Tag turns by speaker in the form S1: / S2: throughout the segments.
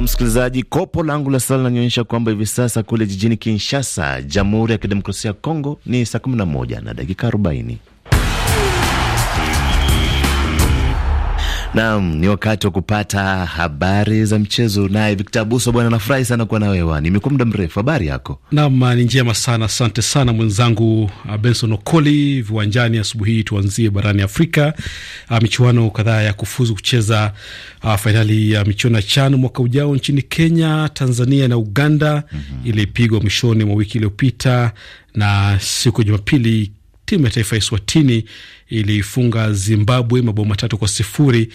S1: Msikilizaji, kopo langu la sala linanionyesha kwamba hivi sasa kule jijini Kinshasa, Jamhuri ya Kidemokrasia ya Kongo ni saa 11 na dakika 40. Naam, ni wakati wa kupata habari za mchezo naye Victor Buso. Bwana, nafurahi sana kuwa na wewe, nimekuwa muda mrefu. Habari yako?
S2: Naam, ni njema sana, asante sana mwenzangu uh, Benson Okoli. Viwanjani asubuhi hii, tuanzie barani Afrika. Uh, michuano kadhaa ya kufuzu kucheza uh, fainali ya michuano ya CHAN mwaka ujao nchini Kenya, Tanzania na Uganda mm -hmm. ilipigwa mwishoni mwa wiki iliyopita na siku ya Jumapili timu ya taifa ya Eswatini iliifunga Zimbabwe mabao matatu kwa sifuri.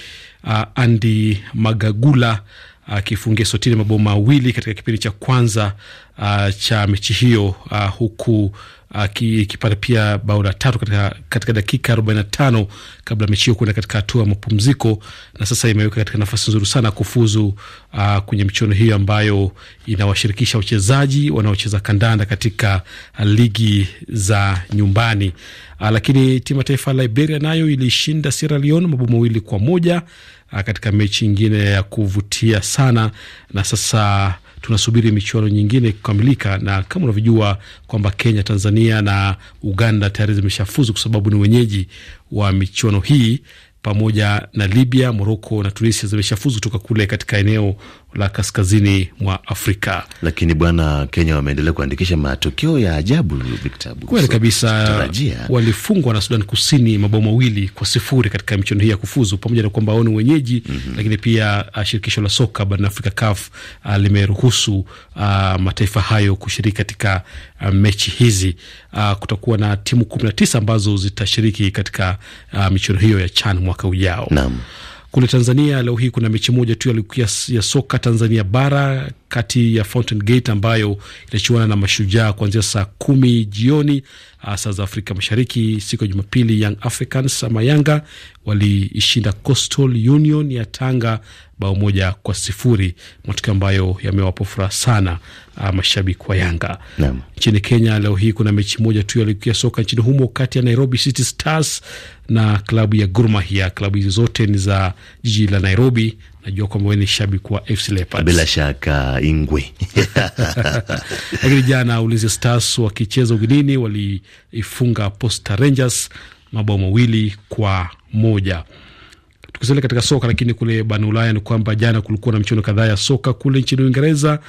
S2: Uh, Andi Magagula akifungia Sotile mabao mawili katika kipindi cha kwanza uh, cha mechi hiyo uh, huku akipata uh, pia bao la tatu katika, katika dakika 45 kabla mechi hiyo kuenda katika hatua ya mapumziko, na sasa imeweka katika nafasi nzuri sana kufuzu uh, kwenye michuano hiyo ambayo inawashirikisha wachezaji wanaocheza kandanda katika uh, ligi za nyumbani. Uh, lakini timu ya taifa ya Liberia nayo ilishinda Sierra Leone mabao mawili kwa moja Ah, katika mechi nyingine ya kuvutia sana, na sasa tunasubiri michuano nyingine kukamilika, na kama unavyojua kwamba Kenya, Tanzania na Uganda tayari zimeshafuzu kwa sababu ni wenyeji wa michuano hii pamoja na Libya, Moroko na Tunisia zimeshafuzu kutoka kule katika eneo la kaskazini mwa Afrika.
S1: Lakini bwana, Kenya wameendelea kuandikisha matokeo ya ajabu.
S2: kweli kabisa, walifungwa na Sudan Kusini mabao mawili kwa sifuri katika michuano hii ya kufuzu, pamoja na kwamba wao ni wenyeji mm -hmm. Lakini pia uh, shirikisho la soka barani Afrika CAF uh, limeruhusu uh, mataifa hayo kushiriki katika uh, mechi hizi uh, kutakuwa na timu kumi na tisa ambazo zitashiriki katika uh, michuano hiyo ya CHAN mwaka ujao. Naam. Kule Tanzania leo hii kuna mechi moja tu ya, ya soka Tanzania bara kati ya Fountain Gate ambayo inachuana na Mashujaa kuanzia saa kumi jioni Ah, saa za Afrika Mashariki siku ya Jumapili, Young Africans ama Yanga waliishinda Coastal Union ya Tanga bao moja kwa sifuri, matokeo ambayo yamewapa furaha sana ah, mashabiki wa Yanga. Nchini Kenya leo hii kuna mechi moja tu ya ligi ya soka nchini humo kati ya Nairobi City Stars na klabu ya Gor Mahia. Klabu hizi zote ni za jiji la Nairobi najua kwamba wewe ni shabiki wa FC Leopards bila shaka ingwe. Lakini jana Ulinzi Stars wakicheza ugenini waliifunga Posta Rangers mabao mawili kwa moja. Tukisalia katika soka, lakini kule barani Ulaya ni kwamba jana kulikuwa na michuano kadhaa ya soka kule nchini Uingereza.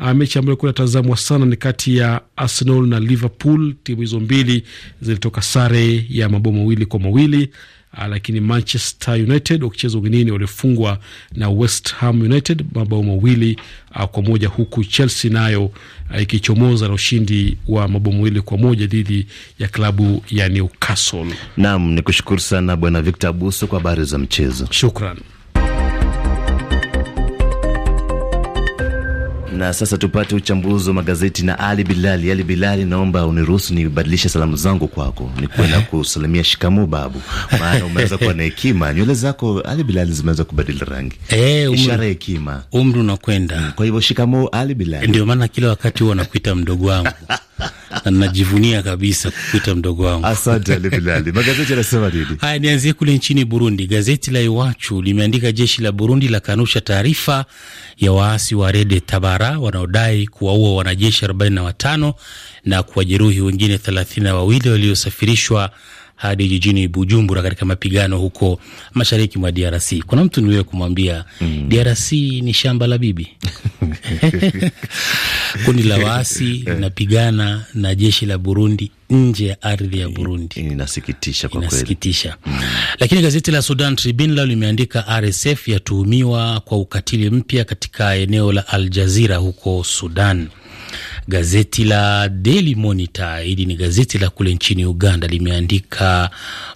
S2: Uh, Mechi ambayo ilikuwa inatazamwa sana ni kati ya Arsenal na Liverpool. Timu hizo mbili zilitoka sare ya mabao mawili kwa mawili. Ah, lakini Manchester United wakicheza ugenini walifungwa na West Ham United mabao mawili ah, kwa moja huku Chelsea nayo ah, ikichomoza na ushindi wa mabao mawili kwa moja dhidi ya klabu ya Newcastle.
S1: Naam, kushukuru sana Bwana Victor Abuso kwa habari za mchezo. Shukran. Na sasa tupate uchambuzi wa magazeti na Ali Bilali. Ali Bilali, naomba uniruhusu nibadilishe salamu zangu kwako, nikuwe na eh? kusalimia shikamo babu, maana umeweza kuwa na hekima. Nywele zako Ali Bilali zimeweza kubadili rangi e, ishara ya hekima,
S3: umri unakwenda. Kwa
S1: hivyo shikamo Ali Bilali, ndio maana kila wakati huwa nakuita mdogo
S3: wangu na najivunia kabisa kukuta mdogo wangu. Asante Ali Bilali. Magazeti yanasema nini? Haya, nianzie kule nchini Burundi. Gazeti la Iwachu limeandika jeshi la Burundi la kanusha taarifa ya waasi wa Rede Tabara wanaodai kuwaua wanajeshi 45 na kuwajeruhi wengine na wawili waliosafirishwa hadi jijini Bujumbura katika mapigano huko mashariki mwa DRC. Kuna mtu niwe kumwambia mm. DRC ni shamba la bibi
S4: kundi la waasi eh.
S3: linapigana na jeshi la Burundi nje ya ardhi ya Burundi. Inasikitisha kwa kweli, inasikitisha. Mm. Lakini gazeti la Sudan Tribune lao limeandika RSF yatuhumiwa kwa ukatili mpya katika eneo la Al Jazira huko Sudan. Gazeti la Daily Monitor, hili ni gazeti la kule nchini Uganda, limeandika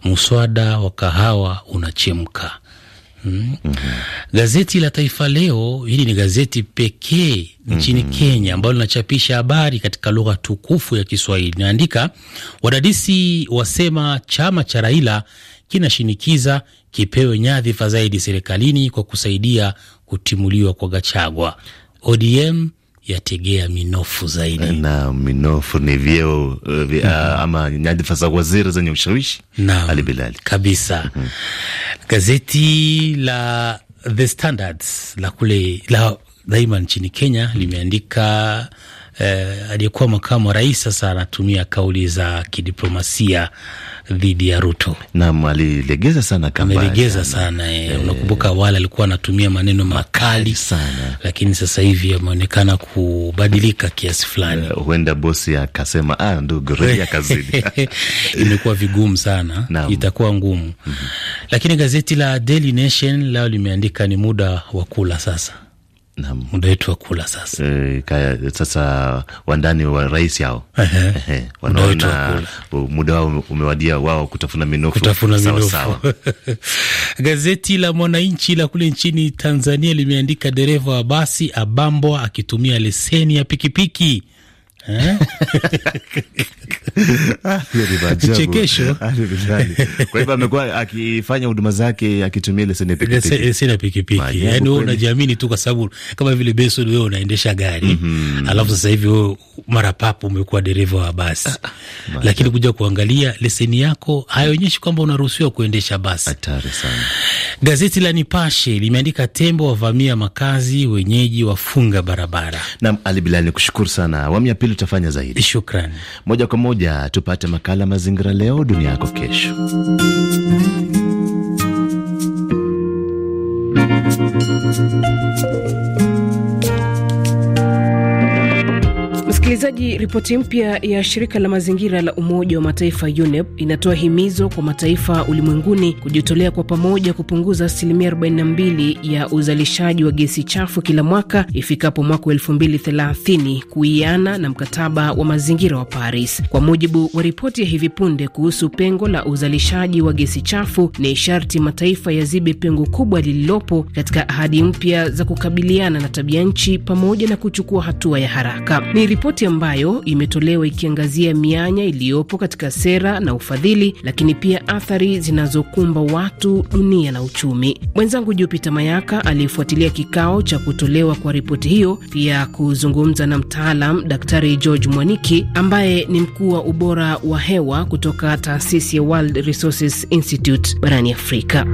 S3: muswada wa kahawa unachemka. Mm. Mm -hmm. Mhm. Gazeti la Taifa Leo, hili ni gazeti pekee nchini mm -hmm. Kenya ambalo linachapisha habari katika lugha tukufu ya Kiswahili. Inaandika wadadisi wasema chama cha Raila kinashinikiza kipewe nyadhifa zaidi serikalini kwa kusaidia kutimuliwa kwa Gachagua. ODM yategea minofu
S1: zaidi. Na minofu ni vyeo eh, mhm. ah, ama nyadhifa za waziri zenye ushawishi. Naam, Ali Bilali kabisa. Mhm.
S3: Gazeti la The Standards la kule la daima nchini Kenya mhm. limeandika eh, aliyekuwa makamu wa rais sasa anatumia kauli za kidiplomasia dhidi ya Ruto.
S1: Naam, alilegeza sana kamba, amelegeza
S3: sana e, e. Unakumbuka awali alikuwa anatumia maneno makali sana, lakini sasa hivi ameonekana kubadilika kiasi fulani. Eh, huenda bosi akasema ah, ndugu rejea kazini. Imekuwa vigumu sana Naam. Itakuwa ngumu mm -hmm. Lakini gazeti la Daily Nation limeandika ni muda wa kula sasa
S1: muda wetu wa kula sasa. E, kaya, sasa wandani wa rais yao wanaona muda wao umewadia wao kutafuna minofu, kutafuna minofu. Sawa,
S3: sawa. Gazeti la Mwananchi la kule nchini Tanzania limeandika dereva wa basi
S1: abambwa
S3: akitumia leseni ya pikipiki
S1: Chekesho. Ah, kwa hivyo amekuwa akifanya huduma zake akitumia leseni ya pikipiki, eh, yaani wewe unajiamini tu, kwa sababu kama vile
S3: Benson, wewe unaendesha gari
S1: mm -hmm. alafu sasa hivi
S3: mara papo umekuwa dereva wa basi ah, ah, lakini kuja kuangalia leseni yako haionyeshi kwamba unaruhusiwa kuendesha basi. Hatari sana. Gazeti la Nipashe limeandika tembo wavamia makazi, wenyeji
S1: wafunga barabara. Naam, Ali Bilali, nikushukuru sana. Awamu ya pili tutafanya zaidi. Shukran. Moja kwa moja tupate makala Mazingira Leo, Dunia Yako Kesho.
S5: Msikilizaji, ripoti mpya ya shirika la mazingira la Umoja wa Mataifa UNEP inatoa himizo kwa mataifa ulimwenguni kujitolea kwa pamoja kupunguza asilimia 42 ya uzalishaji wa gesi chafu kila mwaka ifikapo mwaka 2030 kuiana na mkataba wa mazingira wa Paris. Kwa mujibu wa ripoti ya hivi punde kuhusu pengo la uzalishaji wa gesi chafu, ni sharti mataifa yazibe pengo kubwa lililopo katika ahadi mpya za kukabiliana na tabia nchi pamoja na kuchukua hatua ya haraka. Ni ripoti ambayo imetolewa ikiangazia mianya iliyopo katika sera na ufadhili, lakini pia athari zinazokumba watu, dunia na uchumi. Mwenzangu Jupita Mayaka aliyefuatilia kikao cha kutolewa kwa ripoti hiyo, pia kuzungumza na mtaalam Daktari George Mwaniki ambaye ni mkuu wa ubora wa hewa kutoka taasisi ya World Resources Institute barani Afrika.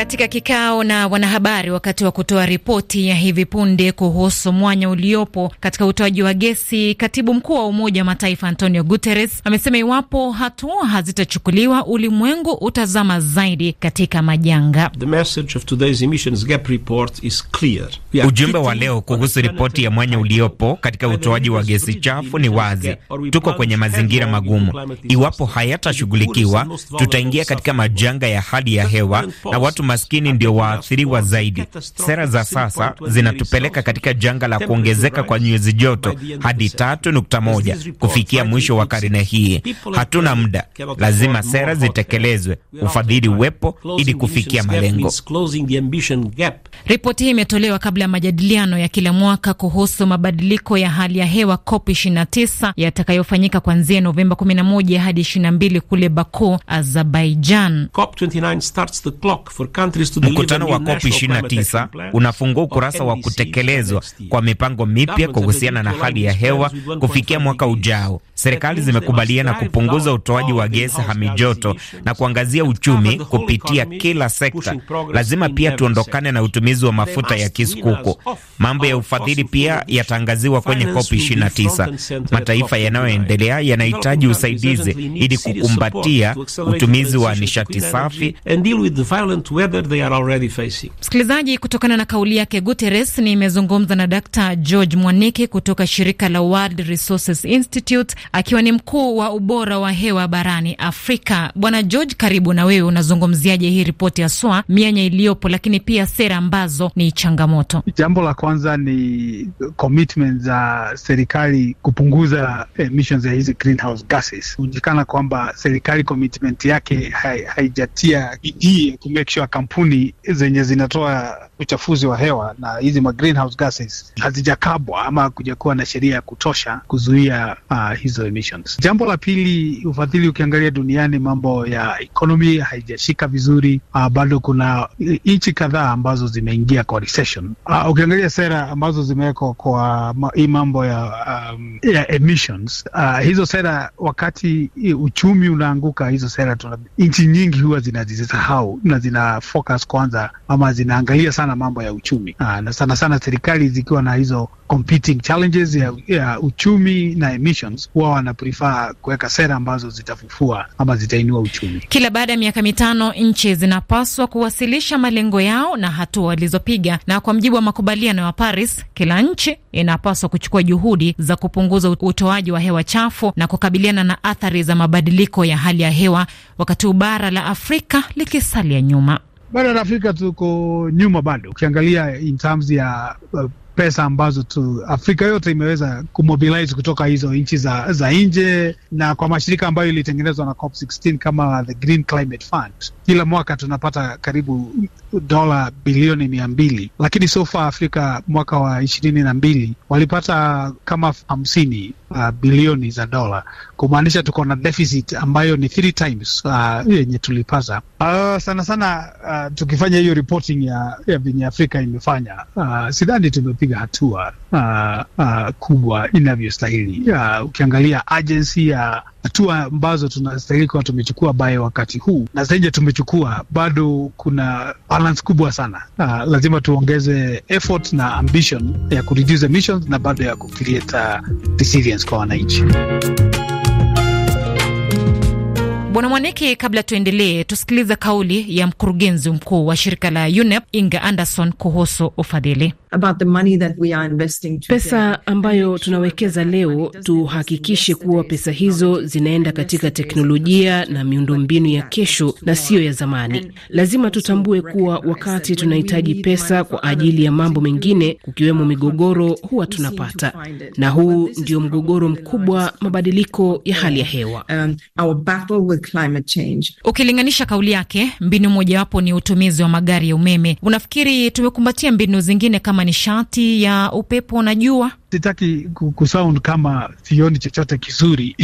S6: Katika kikao na wanahabari wakati wa kutoa ripoti ya hivi punde kuhusu mwanya uliopo katika utoaji wa gesi, katibu mkuu wa Umoja wa Mataifa Antonio Guterres amesema iwapo hatua hazitachukuliwa, ulimwengu utazama zaidi katika majanga.
S2: The message of today's emissions gap report is clear.
S4: Ujumbe wa leo kuhusu ripoti ya mwanya uliopo katika utoaji wa gesi chafu ni wazi: tuko kwenye mazingira magumu. Iwapo hayatashughulikiwa, tutaingia katika majanga ya hali ya hewa na watu maskini ndio waathiriwa zaidi. Sera za sasa zinatupeleka katika janga la kuongezeka kwa nyuzi joto hadi 3.1 kufikia mwisho wa karne hii. Hatuna muda, lazima sera zitekelezwe, ufadhili uwepo ili kufikia malengo.
S6: Ripoti hii imetolewa kabla kabla ya majadiliano ya kila mwaka kuhusu mabadiliko ya hali ya hewa COP 29 yatakayofanyika kuanzia Novemba 11 hadi 22 kule Baku, Azerbaijan.
S2: Mkutano wa COP 29
S4: unafungua ukurasa wa kutekelezwa kwa mipango mipya kuhusiana na hali ya hewa kufikia mwaka ujao. Serikali zimekubaliana kupunguza utoaji wa gesi hamijoto na kuangazia uchumi kupitia kila sekta. Lazima pia tuondokane na utumizi wa mafuta ya kisukuku. Mambo ya ufadhili pia yataangaziwa kwenye COP 29. Mataifa yanayoendelea yanahitaji usaidizi ili kukumbatia utumizi wa nishati safi.
S6: Msikilizaji, kutokana na kauli yake Guterres, nimezungumza na Dr George Mwaniki kutoka shirika la World Resources Institute akiwa ni mkuu wa ubora wa hewa barani Afrika. Bwana George, karibu na wewe. Unazungumziaje hii ripoti SWA, mianya iliyopo, lakini pia sera ambazo ni changamoto?
S7: Jambo la kwanza ni commitment za serikali kupunguza eh, emissions ya hizi greenhouse gases. kwamba serikali commitment yake haijatia bidii ya kumake sure kampuni zenye zinatoa uchafuzi wa hewa na hizi ma greenhouse gases hazijakabwa ama kujakuwa na sheria ya kutosha kuzuia uh, hizo emissions. Jambo la pili, ufadhili, ukiangalia duniani mambo ya economy haijashika vizuri. Uh, bado kuna eh, nchi kadhaa ambazo zimeingia kwa recession. Uh, ukiangalia sera ambazo zimewekwa kwa hii mambo ya, um, ya emissions uh, hizo sera wakati eh, uchumi unaanguka, hizo sera nchi nyingi huwa zinazisahau na zina focus kwanza ama zinaangalia sana sana mambo ya uchumi aa, ah, na sana sana serikali zikiwa na hizo competing challenges ya, ya uchumi na emissions, huwa wana prefer kuweka sera ambazo zitafufua ama zitainua uchumi.
S6: Kila baada ya miaka mitano nchi zinapaswa kuwasilisha malengo yao na hatua walizopiga, na kwa mjibu wa makubaliano ya Paris, kila nchi inapaswa kuchukua juhudi za kupunguza utoaji wa hewa chafu na kukabiliana na athari za mabadiliko ya hali ya hewa, wakati bara la Afrika likisalia nyuma
S7: bara la Afrika tuko nyuma bado, ukiangalia in terms ya uh, pesa ambazo tu Afrika yote imeweza kumobilize kutoka hizo nchi za, za nje na kwa mashirika ambayo ilitengenezwa na COP16 kama the Green Climate Fund. Kila mwaka tunapata karibu dola bilioni mia mbili, lakini sofa Afrika mwaka wa ishirini na mbili walipata kama hamsini uh, bilioni za dola, kumaanisha tuko na deficit ambayo ni three times uh, yenye uh, tulipata uh, sana sana uh, tukifanya hiyo reporting ya, ya venye Afrika imefanya uh, sidhani tumepiga hatua uh, uh, kubwa inavyostahili. Uh, ukiangalia agency ya uh, hatua ambazo tunastahili kuwa tumechukua baye wakati huu na zaidi tumechukua, bado kuna balance kubwa sana. Uh, lazima tuongeze effort na ambition ya kureduce emissions na bado ya kucreate uh, resilience kwa wananchi.
S6: Bwana Mwaniki, kabla tuendelee, tusikilize kauli ya mkurugenzi mkuu wa shirika la UNEP Inga Anderson kuhusu ufadhili. Pesa
S5: ambayo tunawekeza leo, tuhakikishe kuwa pesa hizo zinaenda katika teknolojia na miundombinu ya kesho na siyo ya zamani. Lazima tutambue kuwa wakati tunahitaji pesa kwa ajili ya mambo mengine, kukiwemo migogoro, huwa tunapata, na huu ndio mgogoro mkubwa, mabadiliko ya hali ya hewa. Um, climate change.
S6: Ukilinganisha kauli yake, mbinu mojawapo ni utumizi wa magari ya umeme. Unafikiri tumekumbatia mbinu zingine kama nishati ya upepo na jua?
S7: Sitaki kusound kama sioni chochote kizuri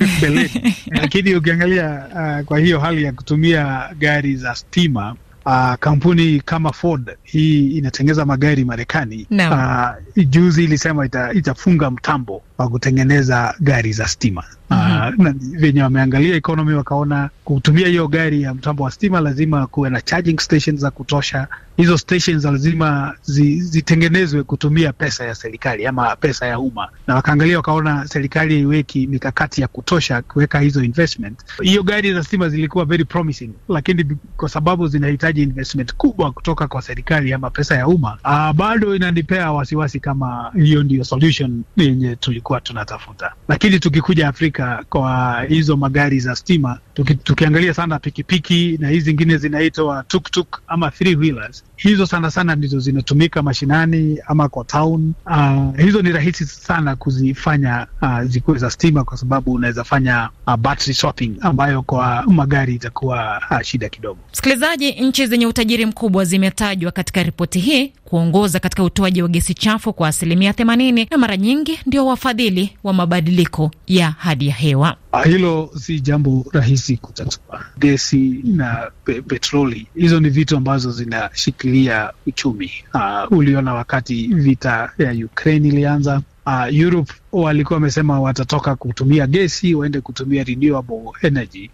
S7: mbeleni, lakini ukiangalia uh, kwa hiyo hali ya kutumia gari za stima Uh, kampuni kama Ford hii inatengeza magari Marekani no. Uh, juzi ilisema ita, itafunga mtambo wa kutengeneza gari za stima mm-hmm. uh, venye wameangalia economy wakaona kutumia hiyo gari ya mtambo wa stima lazima kuwe na charging stations za kutosha. Hizo stations lazima zi, zitengenezwe kutumia pesa ya serikali ama pesa ya umma, na wakaangalia wakaona serikali iweki mikakati ya kutosha kuweka hizo investment. Hiyo gari za stima zilikuwa very promising, lakini kwa sababu zinahitaji investment kubwa kutoka kwa serikali ama pesa ya umma uh, bado inanipea wasiwasi kama hiyo ndiyo solution yenye tulikuwa tunatafuta, lakini tukikuja Afrika kutumika kwa hizo magari za stima, tuki, tukiangalia sana pikipiki na hizi zingine zinaitwa tuktuk ama three wheelers. Hizo sana sana ndizo zinatumika mashinani ama kwa town. Uh, hizo ni rahisi sana kuzifanya uh, zikuwe za stima, kwa sababu unaweza fanya uh, battery swapping ambayo kwa magari itakuwa uh, shida kidogo.
S6: Msikilizaji, nchi zenye utajiri mkubwa zimetajwa katika ripoti hii kuongoza katika utoaji wa gesi chafu kwa asilimia themanini na mara nyingi ndio wafadhili wa mabadiliko ya hali ya hewa.
S7: Ah, hilo si jambo rahisi kutatua. Gesi na pe petroli, hizo ni vitu ambazo zinashikilia uchumi. Uh, uliona wakati vita ya Ukraine ilianza, uh, Europe walikuwa wamesema watatoka kutumia gesi waende kutumia renewable energy.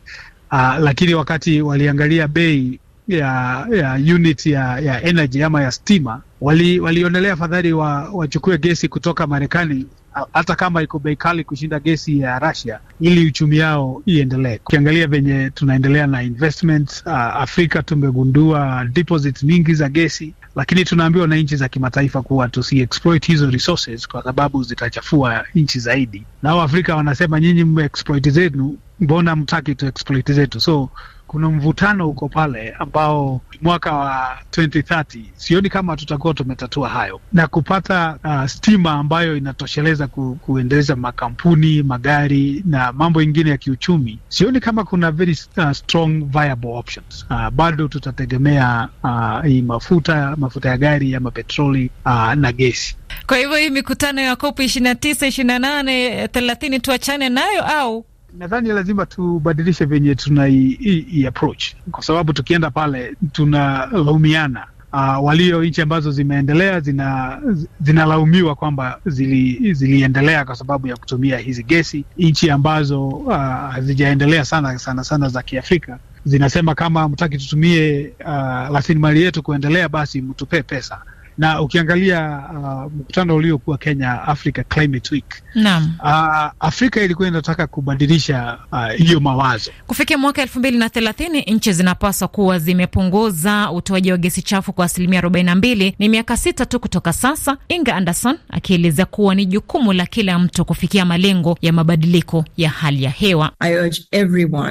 S7: Uh, lakini wakati waliangalia bei ya ya unit ya ya energy ama ya stima, walionelea fadhali wa wachukue gesi kutoka Marekani hata kama iko bei kali kushinda gesi ya Russia ili uchumi yao iendelee. Ukiangalia venye tunaendelea na investment uh, Afrika tumegundua deposit nyingi za gesi, lakini tunaambiwa na nchi za kimataifa kuwa exploit hizo resources kwa sababu zitachafua nchi zaidi, na Afrika wanasema nyinyi exploit zenu, mbona mtaki exploit zetu? so kuna mvutano huko pale ambao mwaka wa 2030 sioni kama tutakuwa tumetatua hayo na kupata uh, stima ambayo inatosheleza ku, kuendeleza makampuni, magari na mambo ingine ya kiuchumi. Sioni kama kuna very uh, strong viable options. Uh, bado tutategemea uh, hii mafuta mafuta ya gari ama petroli uh, na gesi.
S6: Kwa hivyo hii mikutano ya kopu na COP na nane thelathini tuachane nayo au
S7: nadhani lazima tubadilishe venye tuna approach, kwa sababu tukienda pale tunalaumiana. Uh, walio nchi ambazo zimeendelea zina zinalaumiwa kwamba zili, ziliendelea kwa sababu ya kutumia hizi gesi. Nchi ambazo ah, hazijaendelea uh, sana sana sana za Kiafrika zinasema kama mtaki tutumie uh, rasilimali yetu kuendelea, basi mtupee pesa na ukiangalia uh, mkutano uliokuwa Kenya Africa Climate Week. Naam. Uh, Afrika ilikuwa inataka kubadilisha uh, hiyo uh, mawazo.
S6: Kufikia mwaka elfu mbili na thelathini nchi zinapaswa kuwa zimepunguza utoaji wa gesi chafu kwa asilimia arobaini na mbili. Ni miaka sita tu kutoka sasa, Inga Anderson akieleza kuwa ni jukumu la kila mtu kufikia malengo ya mabadiliko ya hali ya hewa.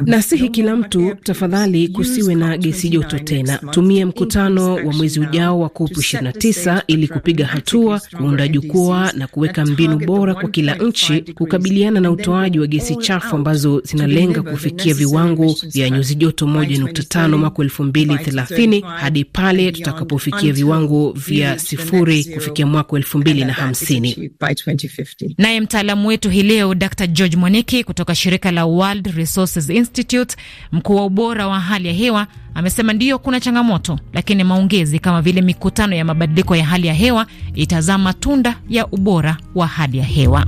S6: Nasihi
S5: kila mtu, tafadhali, kusiwe na gesi joto tena. Tumia mkutano wa mwezi ujao wa COP 29 tisa ili kupiga hatua, kuunda jukwaa na kuweka mbinu bora kwa kila nchi kukabiliana na utoaji wa gesi chafu ambazo zinalenga kufikia viwango vya nyuzi joto tano mwaka thelathini hadi pale tutakapofikia viwango
S6: vya sifuri kufikia
S5: mwaka hamsini. Naye
S6: mtaalamu wetu hii leo Dr. George Mwaniki kutoka shirika la World Resources Institute, mkuu wa ubora wa hali ya hewa amesema ndiyo, kuna changamoto, lakini maongezi kama vile mikutano ya mabadiliko ya hali ya hewa itazaa matunda ya ubora wa hali ya hewa.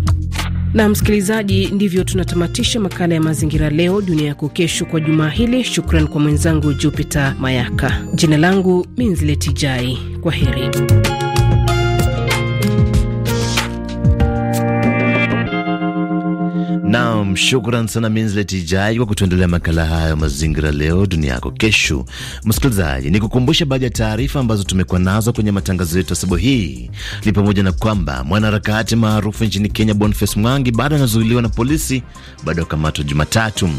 S5: Na msikilizaji, ndivyo tunatamatisha makala ya mazingira leo dunia yako kesho kwa jumaa hili. Shukran kwa mwenzangu Jupiter Mayaka. Jina langu minzletijai kwa heri.
S1: Nam, shukran sana Minslet Ijai kwa kutuendelea makala hayo mazingira, leo dunia yako kesho. Msikilizaji, ni kukumbusha baadhi ya taarifa ambazo tumekuwa nazo kwenye matangazo yetu asubuhi hii, ni pamoja na kwamba mwanaharakati maarufu nchini Kenya Boniface Mwangi bado anazuiliwa na polisi baada ya kukamatwa Jumatatu.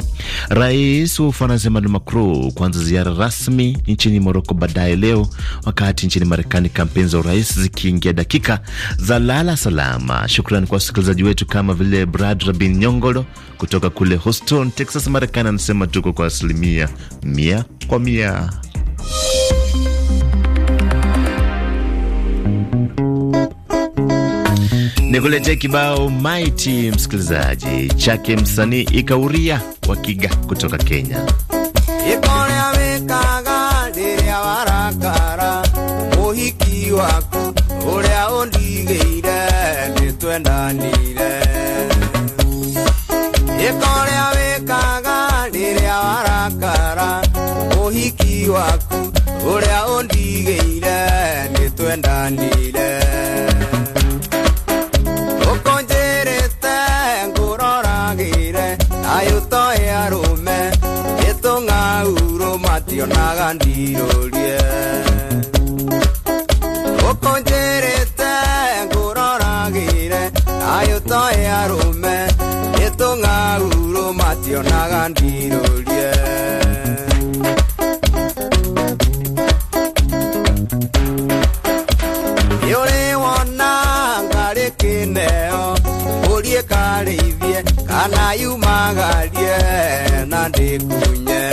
S1: Rais wa Ufaransa Emmanuel Macron kuanza ziara rasmi nchini Moroko baadaye leo, wakati nchini Marekani kampeni za urais zikiingia dakika za lala salama. Shukran kwa wasikilizaji wetu kama vile Brad Rabin Nyongolo kutoka kule Houston, Texas, Marekani, anasema tuko kwa asilimia mia kwa mia. Nikuletee kibao maiti msikilizaji chake msanii Ikauria wa Kiga kutoka Kenya.
S8: muhiki wako uria undigire nitwendani waku uria undigeire nitwendanire ukunjirite nguroragire nayo toe arume gitung'auru mationaga ndirurie ukunjirite nguroragire nayo toe arume gitung'auru mationaga ndirurie anayumagarie na ndikunye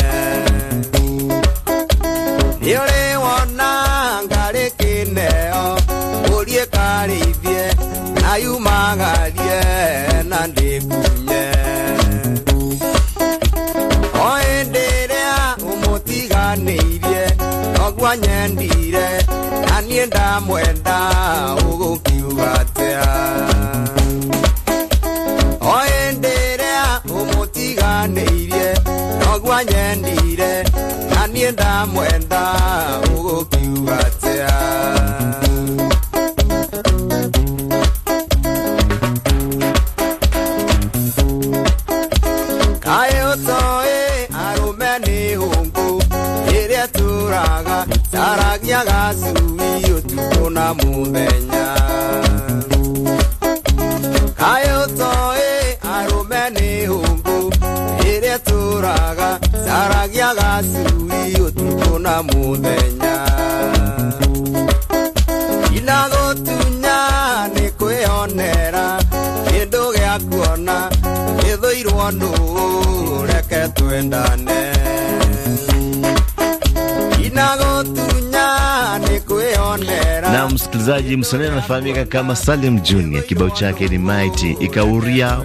S8: nĩũrĩwona ngarĩ kĩneo ũrie karĩithie nayumagarie na ndikunye o hĩndĩ ĩrĩa ũmũtiganĩirie noguo nyendire na niĩ ndamwenda ũgũkiuga tea nyendire na niĩ ndamwenda ũgũkiuga kaĩ ũtoĩ arũme nĩ hũngũ ĩrĩa tũraga caragia gacui ũtukũ na mũthenya kaĩ ũtoĩ arũme nĩ hũngũ ĩrĩa tũraga ndaragiaga cui ũtukũ na mũthenya inagũtunya nĩ kwĩonera kĩndũ gĩa kuona gĩthũirwo nũũ reke twendane
S1: msikilizaji, msanii anafahamika kama Salim Junior. Kibao chake ni maiti ikauria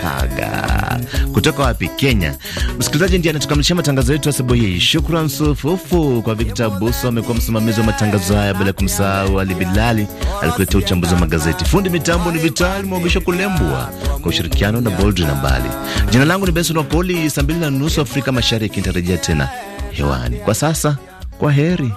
S1: kaga kutoka wapi? Kenya. Msikilizaji, ndiye anatukamilisha matangazo yetu asubuhi hii. Shukran sufufu kwa Victor Buso, amekuwa msimamizi wa matangazo haya, bila kumsahau Ali Bilali alikuletea uchambuzi wa magazeti. Fundi mitambo ni Vital Mwagisha Kulembwa kwa ushirikiano na Boldi na Mbali. Jina langu ni Benson Wakoli. Saa mbili na nusu Afrika Mashariki nitarejea
S7: tena hewani. Kwa sasa, kwa heri.